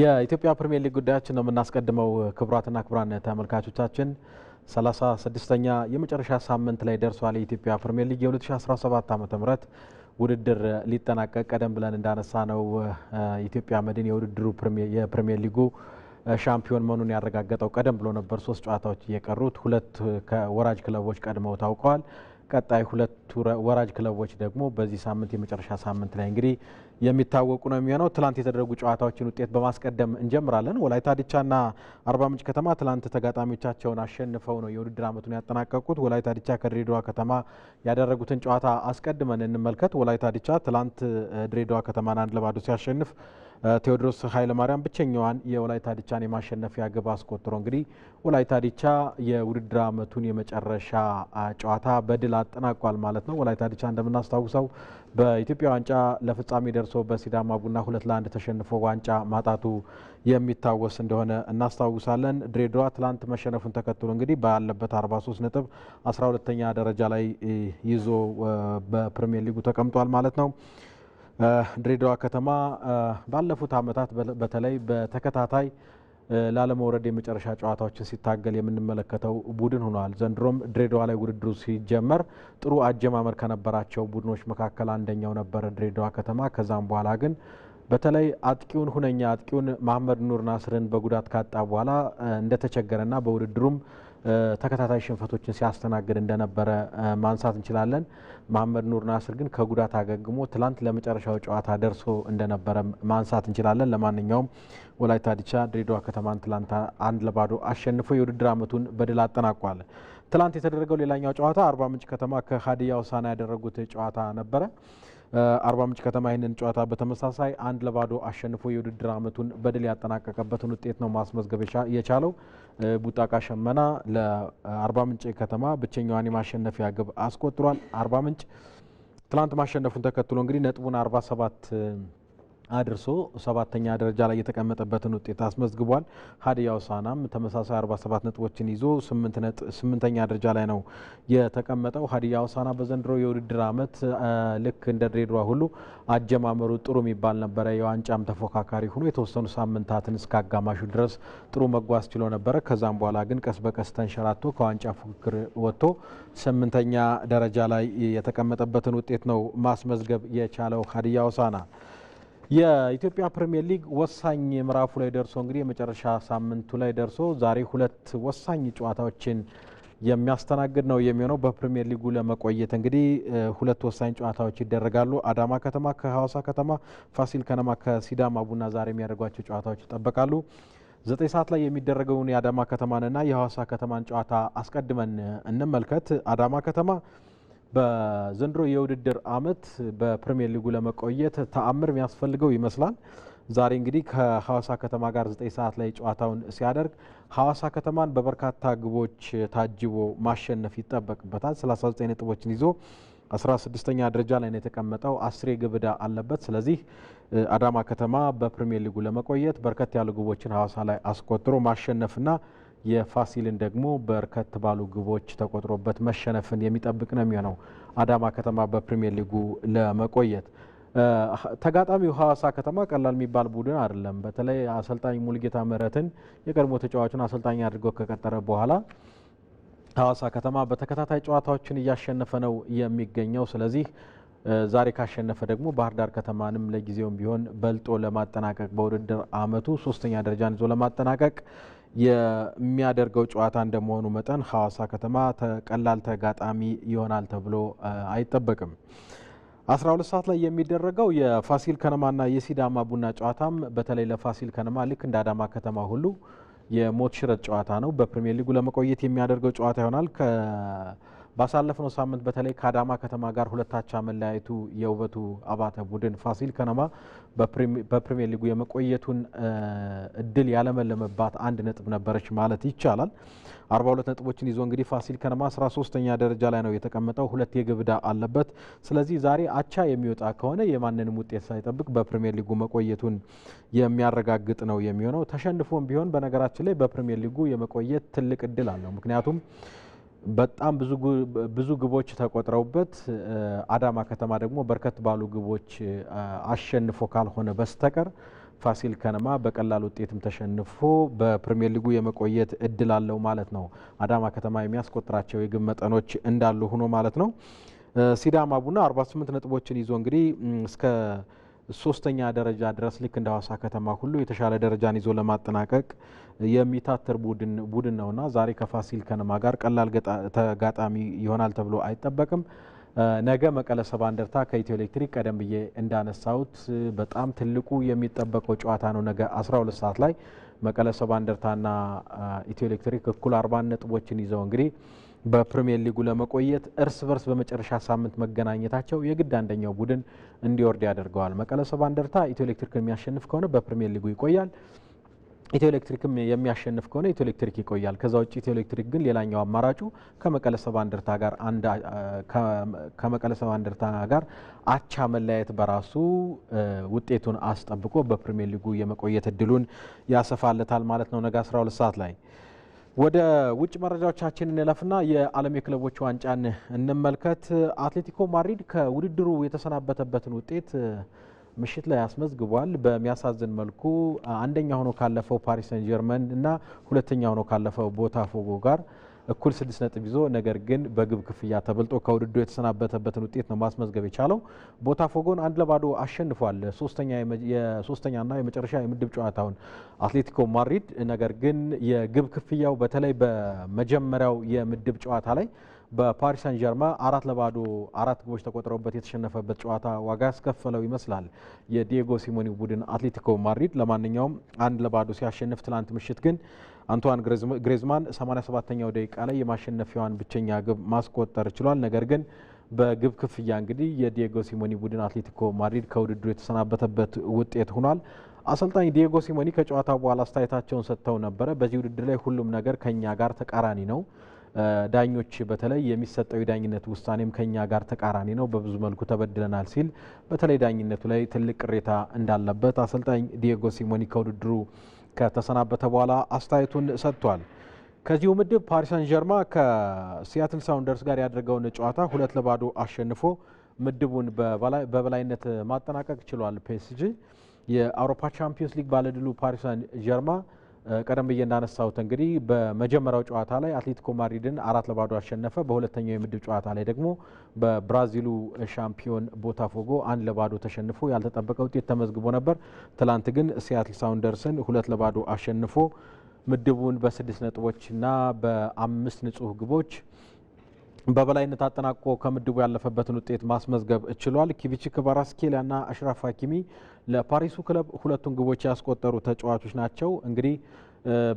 የኢትዮጵያ ፕሪሚየር ሊግ ጉዳያችን ነው የምናስቀድመው። ክቡራትና ክቡራን ተመልካቾቻችን 36ኛ የመጨረሻ ሳምንት ላይ ደርሷል። የኢትዮጵያ ፕሪሚየር ሊግ የ2017 ዓ.ም ውድድር ሊጠናቀቅ ቀደም ብለን እንዳነሳ ነው ኢትዮጵያ መድን የውድድሩ የፕሪሚየር ሊጉ ሻምፒዮን መሆኑን ያረጋገጠው ቀደም ብሎ ነበር። ሶስት ጨዋታዎች እየቀሩት ሁለት ወራጅ ክለቦች ቀድመው ታውቀዋል። ቀጣይ ሁለቱ ወራጅ ክለቦች ደግሞ በዚህ ሳምንት የመጨረሻ ሳምንት ላይ እንግዲህ የሚታወቁ ነው የሚሆነው። ትላንት የተደረጉ ጨዋታዎችን ውጤት በማስቀደም እንጀምራለን። ወላይታ ዲቻና አርባ ምንጭ ከተማ ትላንት ተጋጣሚዎቻቸውን አሸንፈው ነው የውድድር አመቱን ያጠናቀቁት። ወላይታ ዲቻ ከድሬዳዋ ከተማ ያደረጉትን ጨዋታ አስቀድመን እንመልከት። ወላይታ ዲቻ ትላንት ድሬዳዋ ከተማን አንድ ለባዶ ሲያሸንፍ ቴዎድሮስ ኃይለማርያም ብቸኛዋን የወላይታ ዲቻን የማሸነፊያ ግብ አስቆጥሮ እንግዲህ ወላይታ ዲቻ የውድድር ዓመቱን የመጨረሻ ጨዋታ በድል አጠናቋል ማለት ነው። ወላይታ ዲቻ እንደምናስታውሰው በኢትዮጵያ ዋንጫ ለፍጻሜ ደርሶ በሲዳማ ቡና ሁለት ለአንድ ተሸንፎ ዋንጫ ማጣቱ የሚታወስ እንደሆነ እናስታውሳለን። ድሬዳዋ ትላንት መሸነፉን ተከትሎ እንግዲህ ባለበት 43 ነጥብ 12 ተኛ ደረጃ ላይ ይዞ በፕሪሚየር ሊጉ ተቀምጧል ማለት ነው። ድሬዳዋ ከተማ ባለፉት ዓመታት በተለይ በተከታታይ ላለመውረድ የመጨረሻ ጨዋታዎችን ሲታገል የምንመለከተው ቡድን ሆኗል። ዘንድሮም ድሬዳዋ ላይ ውድድሩ ሲጀመር ጥሩ አጀማመር ከነበራቸው ቡድኖች መካከል አንደኛው ነበረ ድሬዳዋ ከተማ። ከዛም በኋላ ግን በተለይ አጥቂውን ሁነኛ አጥቂውን መሐመድ ኑር ናስርን በጉዳት ካጣ በኋላ እንደተቸገረና በውድድሩም ተከታታይ ሽንፈቶችን ሲያስተናግድ እንደነበረ ማንሳት እንችላለን። መሐመድ ኑር ናስር ግን ከጉዳት አገግሞ ትላንት ለመጨረሻው ጨዋታ ደርሶ እንደነበረ ማንሳት እንችላለን። ለማንኛውም ወላይታ ዲቻ ድሬዳዋ ከተማን ትላንት አንድ ለባዶ አሸንፎ የውድድር ዓመቱን በድል አጠናቋል። ትላንት የተደረገው ሌላኛው ጨዋታ አርባ ምንጭ ከተማ ከሀዲያ ውሳና ያደረጉት ጨዋታ ነበረ። አርባ ምንጭ ከተማ ይህንን ጨዋታ በተመሳሳይ አንድ ለባዶ አሸንፎ የውድድር ዓመቱን በድል ያጠናቀቀበትን ውጤት ነው ማስመዝገብ የቻለው። ቡጣቃ ሸመና ለአርባ ምንጭ ከተማ ብቸኛዋን የማሸነፊያ ግብ አስቆጥሯል። አርባ ምንጭ ትላንት ማሸነፉን ተከትሎ እንግዲህ ነጥቡን ሰባት አድርሶ ሰባተኛ ደረጃ ላይ የተቀመጠበትን ውጤት አስመዝግቧል። ሀዲያ ሆሳዕናም ተመሳሳይ 47 ነጥቦችን ይዞ ስምንተኛ ደረጃ ላይ ነው የተቀመጠው። ሀዲያ ሆሳዕና በዘንድሮ የውድድር ዓመት ልክ እንደ ድሬዳዋ ሁሉ አጀማመሩ ጥሩ የሚባል ነበረ። የዋንጫም ተፎካካሪ ሆኖ የተወሰኑ ሳምንታትን እስከ አጋማሹ ድረስ ጥሩ መጓዝ ችሎ ነበረ። ከዛም በኋላ ግን ቀስ በቀስ ተንሸራቶ ከዋንጫ ፉክክር ወጥቶ ስምንተኛ ደረጃ ላይ የተቀመጠበትን ውጤት ነው ማስመዝገብ የቻለው ሀዲያ ሆሳዕና። የኢትዮጵያ ፕሪምየር ሊግ ወሳኝ ምዕራፉ ላይ ደርሶ እንግዲህ የመጨረሻ ሳምንቱ ላይ ደርሶ ዛሬ ሁለት ወሳኝ ጨዋታዎችን የሚያስተናግድ ነው የሚሆነው። በፕሪምየር ሊጉ ለመቆየት እንግዲህ ሁለት ወሳኝ ጨዋታዎች ይደረጋሉ። አዳማ ከተማ ከሐዋሳ ከተማ፣ ፋሲል ከነማ ከሲዳማ ቡና ዛሬ የሚያደርጓቸው ጨዋታዎች ይጠበቃሉ። ዘጠኝ ሰዓት ላይ የሚደረገውን የአዳማ ከተማንና የሐዋሳ ከተማን ጨዋታ አስቀድመን እንመልከት። አዳማ ከተማ በዘንድሮ የውድድር አመት በፕሪሚየር ሊጉ ለመቆየት ተአምር የሚያስፈልገው ይመስላል። ዛሬ እንግዲህ ከሐዋሳ ከተማ ጋር ዘጠኝ ሰዓት ላይ ጨዋታውን ሲያደርግ ሐዋሳ ከተማን በበርካታ ግቦች ታጅቦ ማሸነፍ ይጠበቅበታል። 39 ነጥቦችን ይዞ 16ኛ ደረጃ ላይ ነው የተቀመጠው። አስሬ ግብዳ ዕዳ አለበት። ስለዚህ አዳማ ከተማ በፕሪሚየር ሊጉ ለመቆየት በርከት ያሉ ግቦችን ሐዋሳ ላይ አስቆጥሮ ማሸነፍና የፋሲልን ደግሞ በርከት ባሉ ግቦች ተቆጥሮበት መሸነፍን የሚጠብቅ ነው የሚሆነው አዳማ ከተማ በፕሪሚየር ሊጉ ለመቆየት። ተጋጣሚው ሀዋሳ ከተማ ቀላል የሚባል ቡድን አይደለም። በተለይ አሰልጣኝ ሙልጌታ ምህረትን የቀድሞ ተጫዋቹን አሰልጣኝ አድርጎ ከቀጠረ በኋላ ሀዋሳ ከተማ በተከታታይ ጨዋታዎችን እያሸነፈ ነው የሚገኘው። ስለዚህ ዛሬ ካሸነፈ ደግሞ ባህር ዳር ከተማንም ለጊዜውም ቢሆን በልጦ ለማጠናቀቅ በውድድር አመቱ ሶስተኛ ደረጃን ይዞ ለማጠናቀቅ የሚያደርገው ጨዋታ እንደመሆኑ መጠን ሐዋሳ ከተማ ቀላል ተጋጣሚ ይሆናል ተብሎ አይጠበቅም። 12 ሰዓት ላይ የሚደረገው የፋሲል ከነማና የሲዳማ ቡና ጨዋታም በተለይ ለፋሲል ከነማ ልክ እንደ አዳማ ከተማ ሁሉ የሞት ሽረት ጨዋታ ነው። በፕሪሚየር ሊጉ ለመቆየት የሚያደርገው ጨዋታ ይሆናል። ባሳለፍነው ሳምንት በተለይ ከአዳማ ከተማ ጋር ሁለታቻ መለያየቱ የውበቱ አባተ ቡድን ፋሲል ከነማ በፕሪምየር ሊጉ የመቆየቱን እድል ያለመለመባት አንድ ነጥብ ነበረች ማለት ይቻላል። ሁለት ነጥቦችን ይዞ እንግዲህ ፋሲል ከነማ 13 ሶስተኛ ደረጃ ላይ ነው የተቀመጠው። ሁለት የግብዳ አለበት። ስለዚህ ዛሬ አቻ የሚወጣ ከሆነ የማንንም ውጤት ሳይጠብቅ በፕሪምየር ሊጉ መቆየቱን የሚያረጋግጥ ነው የሚሆነው። ተሸንፎም ቢሆን በነገራችን ላይ በፕሪምየር ሊጉ የመቆየት ትልቅ እድል አለው። ምክንያቱም በጣም ብዙ ግቦች ተቆጥረውበት አዳማ ከተማ ደግሞ በርከት ባሉ ግቦች አሸንፎ ካልሆነ በስተቀር ፋሲል ከነማ በቀላል ውጤትም ተሸንፎ በፕሪምየር ሊጉ የመቆየት እድል አለው ማለት ነው። አዳማ ከተማ የሚያስቆጥራቸው የግብ መጠኖች እንዳሉ ሆኖ ማለት ነው። ሲዳማ ቡና 48 ነጥቦችን ይዞ እንግዲህ እስከ ሶስተኛ ደረጃ ድረስ ልክ እንደ ሀዋሳ ከተማ ሁሉ የተሻለ ደረጃን ይዞ ለማጠናቀቅ የሚታተር ቡድን ነውና ዛሬ ከፋሲል ከነማ ጋር ቀላል ተጋጣሚ ይሆናል ተብሎ አይጠበቅም። ነገ መቀለ ሰባ እንደርታ ከኢትዮ ኤሌክትሪክ ቀደም ብዬ እንዳነሳሁት በጣም ትልቁ የሚጠበቀው ጨዋታ ነው። ነገ 12 ሰዓት ላይ መቀለ ሰባ እንደርታና ኢትዮ ኤሌክትሪክ እኩል 40 ነጥቦችን ይዘው እንግዲህ በፕሪሚየር ሊጉ ለመቆየት እርስ በርስ በመጨረሻ ሳምንት መገናኘታቸው የግድ አንደኛው ቡድን እንዲወርድ ያደርገዋል። መቀለ ሰባ እንደርታ ኢትዮ ኤሌክትሪክን የሚያሸንፍ ከሆነ በፕሪሚየር ሊጉ ይቆያል። ኢትዮ ኤሌክትሪክም የሚያሸንፍ ከሆነ ኢትዮ ኤሌክትሪክ ይቆያል። ከዛ ውጭ ኢትዮ ኤሌክትሪክ ግን ሌላኛው አማራጩ ከመቀለ ሰባ እንደርታ ጋር ከመቀለ ሰባ እንደርታ ጋር አቻ መለያየት በራሱ ውጤቱን አስጠብቆ በፕሪሚየር ሊጉ የመቆየት እድሉን ያሰፋለታል ማለት ነው። ነገ 12 ሰዓት ላይ ወደ ውጭ መረጃዎቻችን እንለፍና የዓለም የክለቦች ዋንጫን እንመልከት። አትሌቲኮ ማድሪድ ከውድድሩ የተሰናበተበትን ውጤት ምሽት ላይ አስመዝግቧል። በሚያሳዝን መልኩ አንደኛ ሆኖ ካለፈው ፓሪስ ሰን ጀርመን እና ሁለተኛ ሆኖ ካለፈው ቦታፎጎ ጋር እኩል ስድስት ነጥብ ይዞ ነገር ግን በግብ ክፍያ ተበልጦ ከውድድሩ የተሰናበተበትን ውጤት ነው ማስመዝገብ የቻለው። ቦታፎጎን አንድ ለባዶ አሸንፏል። ሶስተኛና የመጨረሻ የምድብ ጨዋታውን አትሌቲኮ ማድሪድ። ነገር ግን የግብ ክፍያው በተለይ በመጀመሪያው የምድብ ጨዋታ ላይ በፓሪስ ሳን ጀርማ አራት ለባዶ አራት ግቦች ተቆጥረውበት የተሸነፈበት ጨዋታ ዋጋ ያስከፈለው ይመስላል የዲየጎ ሲሞኒ ቡድን አትሌቲኮ ማድሪድ። ለማንኛውም አንድ ለባዶ ሲያሸንፍ፣ ትናንት ምሽት ግን አንቷን ግሬዝማን 87ኛው ደቂቃ ላይ የማሸነፊያዋን ብቸኛ ግብ ማስቆጠር ችሏል። ነገር ግን በግብ ክፍያ እንግዲህ የዲየጎ ሲሞኒ ቡድን አትሌቲኮ ማድሪድ ከውድድሩ የተሰናበተበት ውጤት ሆኗል። አሰልጣኝ ዲየጎ ሲሞኒ ከጨዋታ በኋላ አስተያየታቸውን ሰጥተው ነበረ። በዚህ ውድድር ላይ ሁሉም ነገር ከኛ ጋር ተቃራኒ ነው ዳኞች በተለይ የሚሰጠው የዳኝነት ውሳኔም ከኛ ጋር ተቃራኒ ነው፣ በብዙ መልኩ ተበድለናል ሲል በተለይ ዳኝነቱ ላይ ትልቅ ቅሬታ እንዳለበት አሰልጣኝ ዲየጎ ሲሞኒ ከውድድሩ ከተሰናበተ በኋላ አስተያየቱን ሰጥቷል። ከዚሁ ምድብ ፓሪሰን ጀርማ ከሲያትል ሳውንደርስ ጋር ያደረገውን ጨዋታ ሁለት ለባዶ አሸንፎ ምድቡን በበላይነት ማጠናቀቅ ችሏል። ፒኤስጂ የአውሮፓ ቻምፒዮንስ ሊግ ባለድሉ ፓሪሰን ጀርማ ቀደም ብዬ እንዳነሳሁት እንግዲህ በመጀመሪያው ጨዋታ ላይ አትሌቲኮ ማድሪድን አራት ለባዶ አሸነፈ። በሁለተኛው የምድብ ጨዋታ ላይ ደግሞ በብራዚሉ ሻምፒዮን ቦታፎጎ አንድ ለባዶ ተሸንፎ ያልተጠበቀ ውጤት ተመዝግቦ ነበር። ትላንት ግን ሲያትል ሳውንደርስን ሁለት ለባዶ አሸንፎ ምድቡን በስድስት ነጥቦችና በአምስት ንጹህ ግቦች በበላይነት አጠናቆ ከምድቡ ያለፈበትን ውጤት ማስመዝገብ ችሏል። ኪቪቺ ና አሽራፍ ሀኪሚ ለፓሪሱ ክለብ ሁለቱን ግቦች ያስቆጠሩ ተጫዋቾች ናቸው። እንግዲህ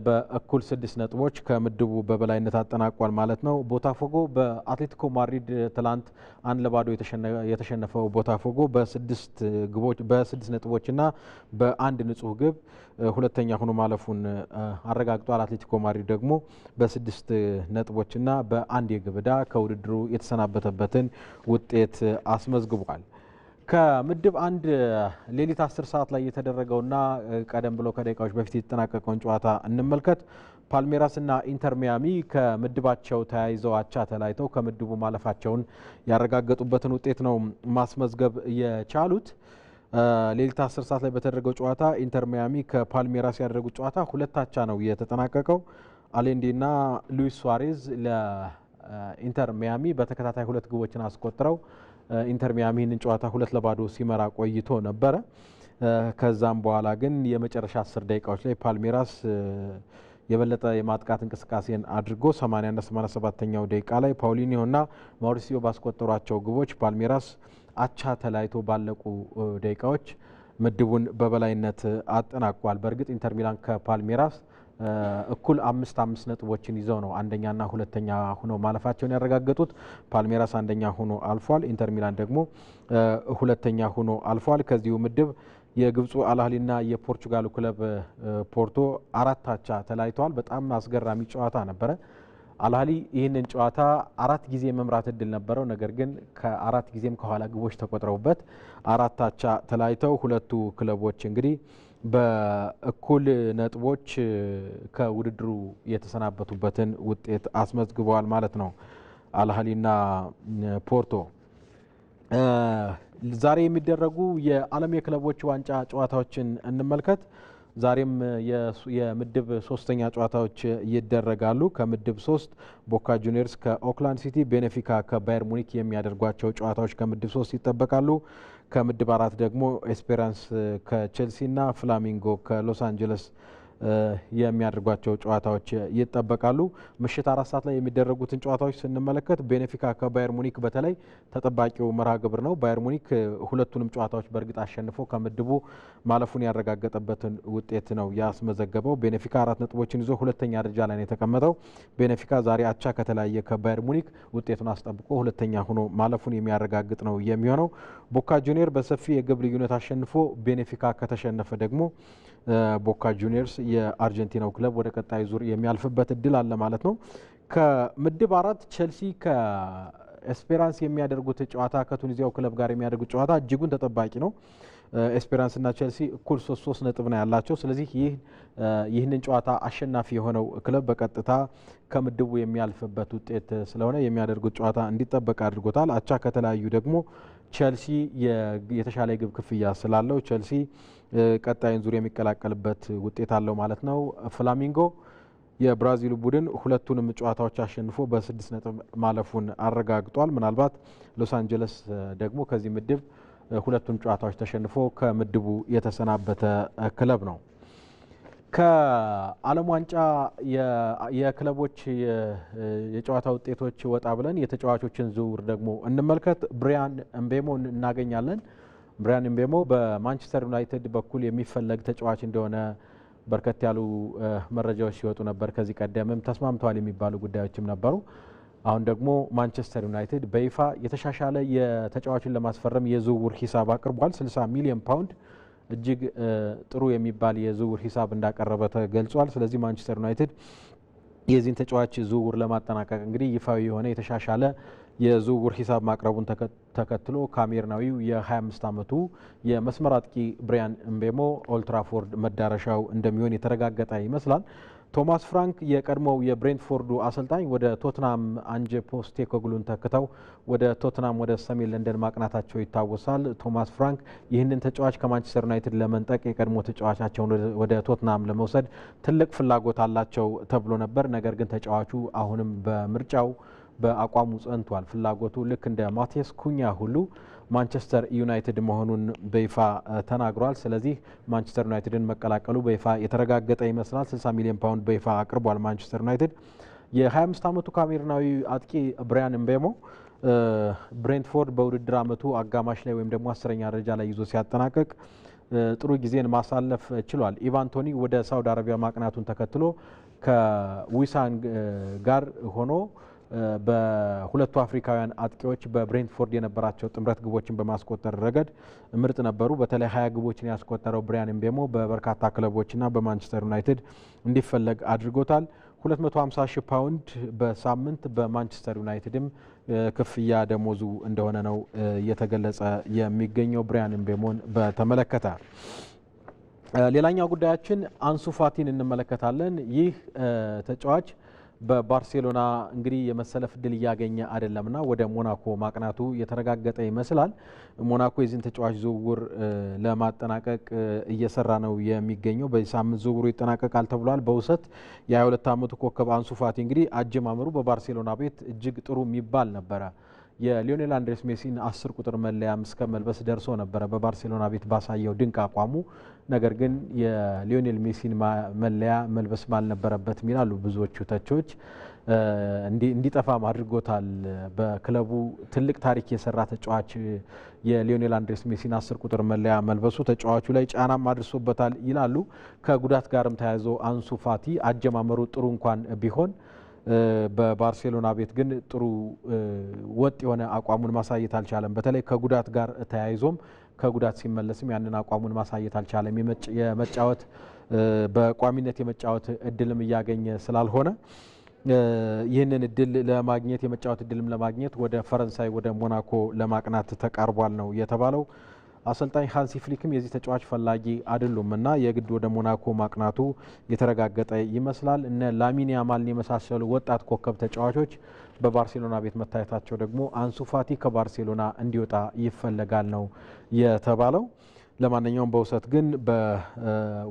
በእኩል ስድስት ነጥቦች ከምድቡ በበላይነት አጠናቋል ማለት ነው። ቦታፎጎ በአትሌቲኮ ማድሪድ ትላንት አንድ ለባዶ የተሸነፈው ቦታፎጎ በስድስት ግቦች ነጥቦችና በአንድ ንጹህ ግብ ሁለተኛ ሆኖ ማለፉን አረጋግጧል። አትሌቲኮ ማድሪድ ደግሞ በስድስት ነጥቦችና በአንድ የግብ ዕዳ ከውድድሩ የተሰናበተበትን ውጤት አስመዝግቧል። ከምድብ አንድ ሌሊት አስር ሰዓት ላይ የተደረገውና ቀደም ብሎ ከደቂቃዎች በፊት የተጠናቀቀውን ጨዋታ እንመልከት። ፓልሜራስና ኢንተር ሚያሚ ከምድባቸው ተያይዘው አቻ ተለያይተው ከምድቡ ማለፋቸውን ያረጋገጡበትን ውጤት ነው ማስመዝገብ የቻሉት። ሌሊት አስር ሰዓት ላይ በተደረገው ጨዋታ ኢንተር ሚያሚ ከፓልሜራስ ያደረጉት ጨዋታ ሁለት አቻ ነው የተጠናቀቀው። አሌንዴና ሉዊስ ሱዋሬዝ ለኢንተር ሚያሚ በተከታታይ ሁለት ግቦችን አስቆጥረው ኢንተር ሚያሚን ጨዋታ ሁለት ለባዶ ሲመራ ቆይቶ ነበረ። ከዛም በኋላ ግን የመጨረሻ አስር ደቂቃዎች ላይ ፓልሜራስ የበለጠ የማጥቃት እንቅስቃሴን አድርጎ 80ና 87ኛው ደቂቃ ላይ ፓውሊኒዮና ማውሪሲዮ ባስቆጠሯቸው ግቦች ፓልሜራስ አቻ ተለያይቶ ባለቁ ደቂቃዎች ምድቡን በበላይነት አጠናቋል። በእርግጥ ኢንተር ሚላን ከፓልሜራስ እኩል አምስት አምስት ነጥቦችን ይዘው ነው አንደኛና ሁለተኛ ሆኖ ማለፋቸውን ያረጋገጡት። ፓልሜራስ አንደኛ ሆኖ አልፏል። ኢንተር ሚላን ደግሞ ሁለተኛ ሆኖ አልፏል። ከዚሁ ምድብ የግብፁ አልአህሊና የፖርቹጋሉ ክለብ ፖርቶ አራት አቻ ተለያይተዋል። በጣም አስገራሚ ጨዋታ ነበረ። አልአህሊ ይህንን ጨዋታ አራት ጊዜ መምራት እድል ነበረው። ነገር ግን ከአራት ጊዜም ከኋላ ግቦች ተቆጥረውበት አራት አቻ ተለያይተው ሁለቱ ክለቦች እንግዲህ በእኩል ነጥቦች ከውድድሩ የተሰናበቱበትን ውጤት አስመዝግበዋል ማለት ነው። አልሀሊና ፖርቶ ዛሬ የሚደረጉ የዓለም የክለቦች ዋንጫ ጨዋታዎችን እንመልከት። ዛሬም የምድብ ሶስተኛ ጨዋታዎች ይደረጋሉ። ከምድብ ሶስት ቦካ ጁኒየርስ ከኦክላንድ ሲቲ፣ ቤኔፊካ ከባየር ሙኒክ የሚያደርጓቸው ጨዋታዎች ከምድብ ሶስት ይጠበቃሉ። ከምድብ አራት ደግሞ ኤስፔራንስ እና ፍላሚንጎ ከሎስ አንጀለስ የሚያደርጓቸው ጨዋታዎች ይጠበቃሉ። ምሽት አራት ሰዓት ላይ የሚደረጉትን ጨዋታዎች ስንመለከት ቤኔፊካ ከባየር ሙኒክ በተለይ ተጠባቂው መርሃ ግብር ነው። ባየር ሙኒክ ሁለቱንም ጨዋታዎች በእርግጥ አሸንፎ ከምድቡ ማለፉን ያረጋገጠበትን ውጤት ነው ያስመዘገበው። ቤኔፊካ አራት ነጥቦችን ይዞ ሁለተኛ ደረጃ ላይ ነው የተቀመጠው። ቤኔፊካ ዛሬ አቻ ከተለያየ ከባየር ሙኒክ ውጤቱን አስጠብቆ ሁለተኛ ሆኖ ማለፉን የሚያረጋግጥ ነው የሚሆነው። ቦካ ጁኒየር በሰፊ የግብ ልዩነት አሸንፎ ቤኔፊካ ከተሸነፈ ደግሞ ቦካ ጁኒየርስ የአርጀንቲናው ክለብ ወደ ቀጣይ ዙር የሚያልፍበት እድል አለ ማለት ነው። ከምድብ አራት ቼልሲ ከኤስፔራንስ የሚያደርጉት ጨዋታ ከቱኒዚያው ክለብ ጋር የሚያደርጉት ጨዋታ እጅጉን ተጠባቂ ነው። ኤስፔራንስ እና ቼልሲ እኩል ሶስት ሶስት ነጥብ ነው ያላቸው። ስለዚህ ይህንን ጨዋታ አሸናፊ የሆነው ክለብ በቀጥታ ከምድቡ የሚያልፍበት ውጤት ስለሆነ የሚያደርጉት ጨዋታ እንዲጠበቅ አድርጎታል። አቻ ከተለያዩ ደግሞ ቸልሲ የተሻለ የግብ ክፍያ ስላለው ቸልሲ ቀጣይን ዙር የሚቀላቀልበት ውጤት አለው ማለት ነው። ፍላሚንጎ የብራዚሉ ቡድን ሁለቱንም ጨዋታዎች አሸንፎ በስድስት ነጥብ ማለፉን አረጋግጧል። ምናልባት ሎስ አንጀለስ ደግሞ ከዚህ ምድብ ሁለቱን ጨዋታዎች ተሸንፎ ከምድቡ የተሰናበተ ክለብ ነው። ከዓለም ዋንጫ የክለቦች የጨዋታ ውጤቶች ወጣ ብለን የተጫዋቾችን ዝውውር ደግሞ እንመልከት። ብሪያን እምቤሞ እናገኛለን። ብሪያን እምቤሞ በማንቸስተር ዩናይትድ በኩል የሚፈለግ ተጫዋች እንደሆነ በርከት ያሉ መረጃዎች ሲወጡ ነበር። ከዚህ ቀደምም ተስማምተዋል የሚባሉ ጉዳዮችም ነበሩ። አሁን ደግሞ ማንቸስተር ዩናይትድ በይፋ የተሻሻለ የተጫዋቹን ለማስፈረም የዝውውር ሂሳብ አቅርቧል። 60 ሚሊዮን ፓውንድ እጅግ ጥሩ የሚባል የዝውውር ሂሳብ እንዳቀረበ ተገልጿል። ስለዚህ ማንቸስተር ዩናይትድ የዚህን ተጫዋች ዝውውር ለማጠናቀቅ እንግዲህ ይፋዊ የሆነ የተሻሻለ የዝውውር ሂሳብ ማቅረቡን ተከትሎ ካሜርናዊው የ25 ዓመቱ የመስመር አጥቂ ብሪያን እምቤሞ ኦልትራፎርድ መዳረሻው እንደሚሆን የተረጋገጠ ይመስላል። ቶማስ ፍራንክ የቀድሞው የብሬንትፎርዱ አሰልጣኝ ወደ ቶትናም አንጄ ፖስቴኮግሉን ተክተው ወደ ቶትናም ወደ ሰሜን ለንደን ማቅናታቸው ይታወሳል። ቶማስ ፍራንክ ይህንን ተጫዋች ከማንቸስተር ዩናይትድ ለመንጠቅ የቀድሞ ተጫዋቻቸውን ወደ ቶትናም ለመውሰድ ትልቅ ፍላጎት አላቸው ተብሎ ነበር። ነገር ግን ተጫዋቹ አሁንም በምርጫው በአቋሙ ጸንቷል። ፍላጎቱ ልክ እንደ ማቴስ ኩኛ ሁሉ ማንቸስተር ዩናይትድ መሆኑን በይፋ ተናግሯል። ስለዚህ ማንቸስተር ዩናይትድን መቀላቀሉ በይፋ የተረጋገጠ ይመስላል። 60 ሚሊዮን ፓውንድ በይፋ አቅርቧል ማንቸስተር ዩናይትድ የ25 ዓመቱ ካሜሩናዊ አጥቂ ብሪያን ምቤሞ ብሬንትፎርድ በውድድር ዓመቱ አጋማሽ ላይ ወይም ደግሞ አስረኛ ደረጃ ላይ ይዞ ሲያጠናቀቅ ጥሩ ጊዜን ማሳለፍ ችሏል። ኢቫን ቶኒ ወደ ሳውዲ አረቢያ ማቅናቱን ተከትሎ ከዊሳን ጋር ሆኖ በሁለቱ አፍሪካውያን አጥቂዎች በብሬንትፎርድ የነበራቸው ጥምረት ግቦችን በማስቆጠር ረገድ ምርጥ ነበሩ። በተለይ ሀያ ግቦችን ያስቆጠረው ብሪያን ምቤሞ በበርካታ ክለቦችና በማንቸስተር ዩናይትድ እንዲፈለግ አድርጎታል። 250 ሺህ ፓውንድ በሳምንት በማንቸስተር ዩናይትድም ክፍያ ደሞዙ እንደሆነ ነው እየተገለጸ የሚገኘው ብሪያን ምቤሞን በተመለከተ። ሌላኛው ጉዳያችን አንሱ ፋቲን እንመለከታለን። ይህ ተጫዋች በባርሴሎና እንግዲህ የመሰለፍ እድል እያገኘ አይደለምና ወደ ሞናኮ ማቅናቱ የተረጋገጠ ይመስላል። ሞናኮ የዚህን ተጫዋች ዝውውር ለማጠናቀቅ እየሰራ ነው የሚገኘው። በዚህ ሳምንት ዝውውሩ ይጠናቀቃል ተብሏል። በውሰት የ22 ዓመቱ ኮከብ አንሱ ፋቲ እንግዲህ አጀማመሩ በባርሴሎና ቤት እጅግ ጥሩ የሚባል ነበረ። የሊዮኔል አንድሬስ ሜሲን አስር ቁጥር መለያም እስከ መልበስ ደርሶ ነበረ በባርሴሎና ቤት ባሳየው ድንቅ አቋሙ። ነገር ግን የሊዮኔል ሜሲን መለያ መልበስም አልነበረበትም ይላሉ ብዙዎቹ ተቾች። እንዲጠፋም አድርጎታል። በክለቡ ትልቅ ታሪክ የሰራ ተጫዋች የሊዮኔል አንድሬስ ሜሲን አስር ቁጥር መለያ መልበሱ ተጫዋቹ ላይ ጫናም አድርሶበታል ይላሉ። ከጉዳት ጋርም ተያይዞ አንሱ ፋቲ አጀማመሩ ጥሩ እንኳን ቢሆን በባርሴሎና ቤት ግን ጥሩ ወጥ የሆነ አቋሙን ማሳየት አልቻለም። በተለይ ከጉዳት ጋር ተያይዞም ከጉዳት ሲመለስም ያንን አቋሙን ማሳየት አልቻለም። የመጫወት በቋሚነት የመጫወት እድልም እያገኘ ስላልሆነ ይህንን እድል ለማግኘት የመጫወት እድልም ለማግኘት ወደ ፈረንሳይ ወደ ሞናኮ ለማቅናት ተቃርቧል ነው የተባለው። አሰልጣኝ ሃንሲ ፍሊክም የዚህ ተጫዋች ፈላጊ አይደሉም እና የግድ ወደ ሞናኮ ማቅናቱ የተረጋገጠ ይመስላል። እነ ላሚን ያማልን የመሳሰሉ ወጣት ኮከብ ተጫዋቾች በባርሴሎና ቤት መታየታቸው ደግሞ አንሱ ፋቲ ከባርሴሎና እንዲወጣ ይፈለጋል ነው የተባለው። ለማንኛውም በውሰት ግን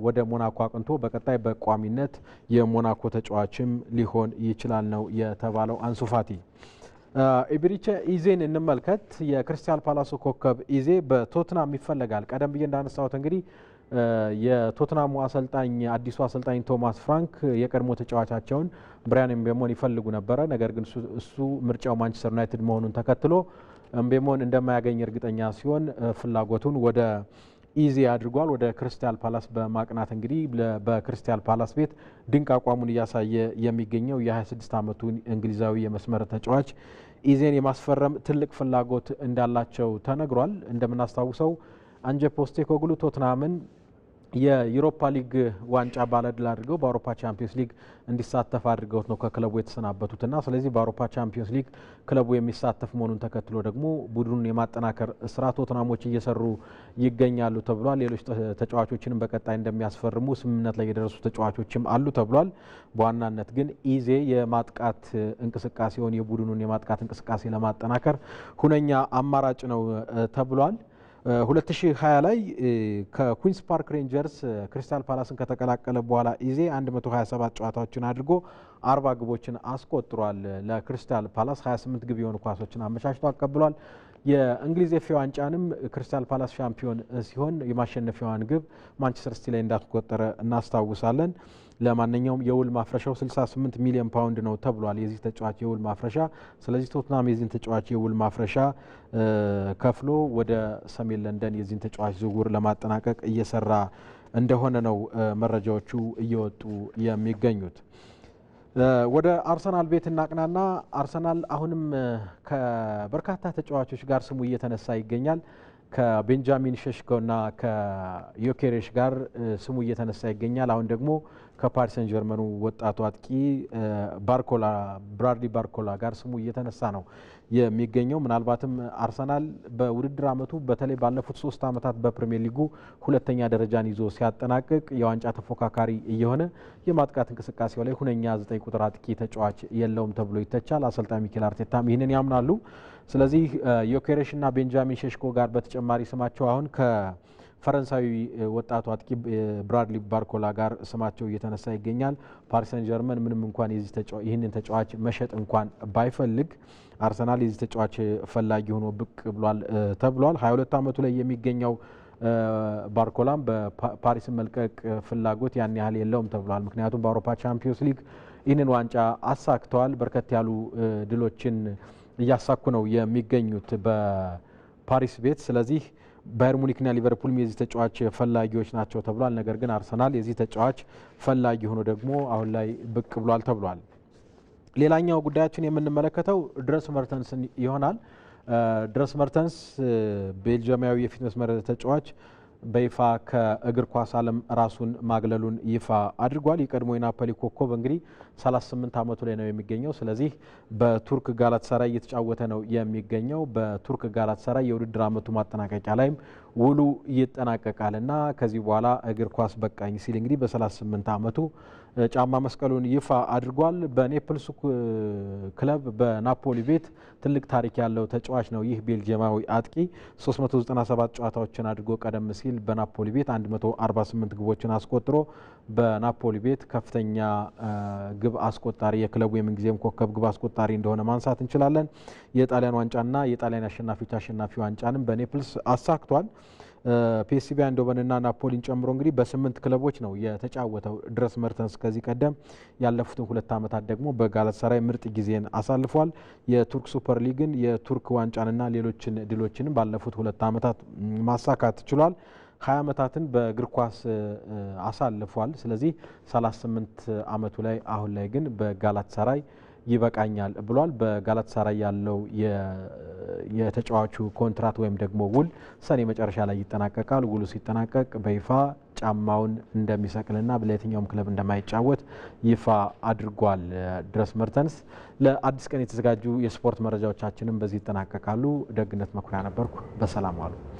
ወደ ሞናኮ አቅንቶ በቀጣይ በቋሚነት የሞናኮ ተጫዋችም ሊሆን ይችላል ነው የተባለው አንሱ ፋቲ ኢብሪቼ ኢዜን እንመልከት። የክሪስታል ፓላሱ ኮከብ ኢዜ በቶትናም ይፈለጋል። ቀደም ብዬ እንዳነሳሁት እንግዲህ የቶትናሙ አሰልጣኝ አዲሱ አሰልጣኝ ቶማስ ፍራንክ የቀድሞ ተጫዋቻቸውን ብሪያን ኤምቤሞን ይፈልጉ ነበረ። ነገር ግን እሱ ምርጫው ማንቸስተር ዩናይትድ መሆኑን ተከትሎ ኤምቤሞን እንደማያገኝ እርግጠኛ ሲሆን ፍላጎቱን ወደ ኢዚ አድርጓል። ወደ ክሪስታል ፓላስ በማቅናት እንግዲህ በክሪስታል ፓላስ ቤት ድንቅ አቋሙን እያሳየ የሚገኘው የ26 ዓመቱ እንግሊዛዊ የመስመር ተጫዋች ኢዜን የማስፈረም ትልቅ ፍላጎት እንዳላቸው ተነግሯል። እንደምናስታውሰው አንጀ ፖስቴኮግሉ ቶትናምን የዩሮፓ ሊግ ዋንጫ ባለድል አድርገው በአውሮፓ ቻምፒዮንስ ሊግ እንዲሳተፍ አድርገውት ነው ከክለቡ የተሰናበቱትና ስለዚህ በአውሮፓ ቻምፒዮንስ ሊግ ክለቡ የሚሳተፍ መሆኑን ተከትሎ ደግሞ ቡድኑን የማጠናከር ስራ ቶትናሞች እየሰሩ ይገኛሉ ተብሏል። ሌሎች ተጫዋቾችንም በቀጣይ እንደሚያስፈርሙ ስምምነት ላይ የደረሱ ተጫዋቾችም አሉ ተብሏል። በዋናነት ግን ኢዜ የማጥቃት እንቅስቃሴውን የቡድኑን የማጥቃት እንቅስቃሴ ለማጠናከር ሁነኛ አማራጭ ነው ተብሏል። 2020 ላይ ከኩንስ ፓርክ ሬንጀርስ ክሪስታል ፓላስን ከተቀላቀለ በኋላ ኢዜ 127 ጨዋታዎችን አድርጎ 40 ግቦችን አስቆጥሯል። ለክሪስታል ፓላስ 28 ግብ የሆኑ ኳሶችን አመቻችቶ አቀብሏል። የእንግሊዝ ኤፌ ዋንጫንም ክሪስታል ፓላስ ሻምፒዮን ሲሆን የማሸነፊያዋን ግብ ማንቸስተር ሲቲ ላይ እንዳስቆጠረ እናስታውሳለን። ለማንኛውም የውል ማፍረሻው 68 ሚሊዮን ፓውንድ ነው ተብሏል። የዚህ ተጫዋች የውል ማፍረሻ። ስለዚህ ቶትናም የዚህን ተጫዋች የውል ማፍረሻ ከፍሎ ወደ ሰሜን ለንደን የዚህን ተጫዋች ዝውውር ለማጠናቀቅ እየሰራ እንደሆነ ነው መረጃዎቹ እየወጡ የሚገኙት። ወደ አርሰናል ቤት እናቅናና አርሰናል አሁንም ከበርካታ ተጫዋቾች ጋር ስሙ እየተነሳ ይገኛል። ከቤንጃሚን ሸሽኮና ከዮኬሬሽ ጋር ስሙ እየተነሳ ይገኛል። አሁን ደግሞ ከፓሪስ ሰን ጀርመኑ ወጣቱ አጥቂ ባርኮላ ብራድሊ ባርኮላ ጋር ስሙ እየተነሳ ነው የሚገኘው። ምናልባትም አርሰናል በውድድር ዓመቱ በተለይ ባለፉት ሶስት ዓመታት በፕሪምየር ሊጉ ሁለተኛ ደረጃን ይዞ ሲያጠናቅቅ የዋንጫ ተፎካካሪ እየሆነ የማጥቃት እንቅስቃሴው ላይ ሁነኛ ዘጠኝ ቁጥር አጥቂ ተጫዋች የለውም ተብሎ ይተቻል። አሰልጣኝ ሚኬል አርቴታም ይህንን ያምናሉ። ስለዚህ ዮኬሬሽ ቤንጃሚን ሸሽኮ ጋር በተጨማሪ ስማቸው አሁን ከ ፈረንሳዊ ወጣቱ አጥቂ ብራድሊ ባርኮላ ጋር ስማቸው እየተነሳ ይገኛል። ፓሪስ ሰን ጀርመን ምንም እንኳን ይህንን ተጫዋች መሸጥ እንኳን ባይፈልግ አርሰናል የዚህ ተጫዋች ፈላጊ ሆኖ ብቅ ብሏል ተብሏል። 22 ዓመቱ ላይ የሚገኘው ባርኮላም በፓሪስን መልቀቅ ፍላጎት ያን ያህል የለውም ተብሏል። ምክንያቱም በአውሮፓ ቻምፒዮንስ ሊግ ይህንን ዋንጫ አሳክተዋል። በርከት ያሉ ድሎችን እያሳኩ ነው የሚገኙት በፓሪስ ቤት ስለዚህ ባየር ሙኒክና ሊቨርፑልም የዚህ ተጫዋች ፈላጊዎች ናቸው ተብሏል። ነገር ግን አርሰናል የዚህ ተጫዋች ፈላጊ ሆኖ ደግሞ አሁን ላይ ብቅ ብሏል ተብሏል። ሌላኛው ጉዳያችን የምንመለከተው ድረስ መርተንስን ይሆናል። ድረስ መርተንስ ቤልጅማዊ የፊት መስመር ተጫዋች በይፋ ከእግር ኳስ ዓለም ራሱን ማግለሉን ይፋ አድርጓል። የቀድሞ የናፖሊ ኮከብ እንግዲህ 38 ዓመቱ ላይ ነው የሚገኘው። ስለዚህ በቱርክ ጋላትሳራይ እየተጫወተ ነው የሚገኘው። በቱርክ ሰራይ የውድድር ዓመቱ ማጠናቀቂያ ላይም ውሉ ይጠናቀቃል እና ከዚህ በኋላ እግር ኳስ በቃኝ ሲል እንግዲህ በ38 ዓመቱ ጫማ መስቀሉን ይፋ አድርጓል። በኔፕልስ ክለብ በናፖሊ ቤት ትልቅ ታሪክ ያለው ተጫዋች ነው። ይህ ቤልጅየማዊ አጥቂ 397 ጨዋታዎችን አድርጎ ቀደም ሲል በናፖሊ ቤት 148 ግቦችን አስቆጥሮ በናፖሊ ቤት ከፍተኛ ግብ አስቆጣሪ የክለቡ የምንጊዜም ኮከብ ግብ አስቆጣሪ እንደሆነ ማንሳት እንችላለን። የጣሊያን ዋንጫና የጣሊያን አሸናፊዎች አሸናፊ ዋንጫንም በኔፕልስ አሳክቷል። ፒኤስቪ አይንዶቨንና ናፖሊን ጨምሮ እንግዲህ በስምንት ክለቦች ነው የተጫወተው ድረስ መርተንስ ከዚህ ቀደም ያለፉትን ሁለት ዓመታት ደግሞ በጋላታሳራይ ምርጥ ጊዜን አሳልፏል። የቱርክ ሱፐር ሊግን፣ የቱርክ ዋንጫንና ሌሎችን ድሎችንም ባለፉት ሁለት ዓመታት ማሳካት ችሏል። ሀያ ዓመታትን በእግር ኳስ አሳልፏል። ስለዚህ 38 ዓመቱ ላይ አሁን ላይ ግን በጋላት ሰራይ ይበቃኛል ብሏል። በጋላት ሰራይ ያለው የተጫዋቹ ኮንትራት ወይም ደግሞ ውል ሰኔ መጨረሻ ላይ ይጠናቀቃል። ውሉ ሲጠናቀቅ በይፋ ጫማውን እንደሚሰቅልና ለየትኛውም ክለብ እንደማይጫወት ይፋ አድርጓል። ድረስ መርተንስ ለአዲስ ቀን የተዘጋጁ የስፖርት መረጃዎቻችንም በዚህ ይጠናቀቃሉ። ደግነት መኩሪያ ነበርኩ። በሰላም ዋሉ።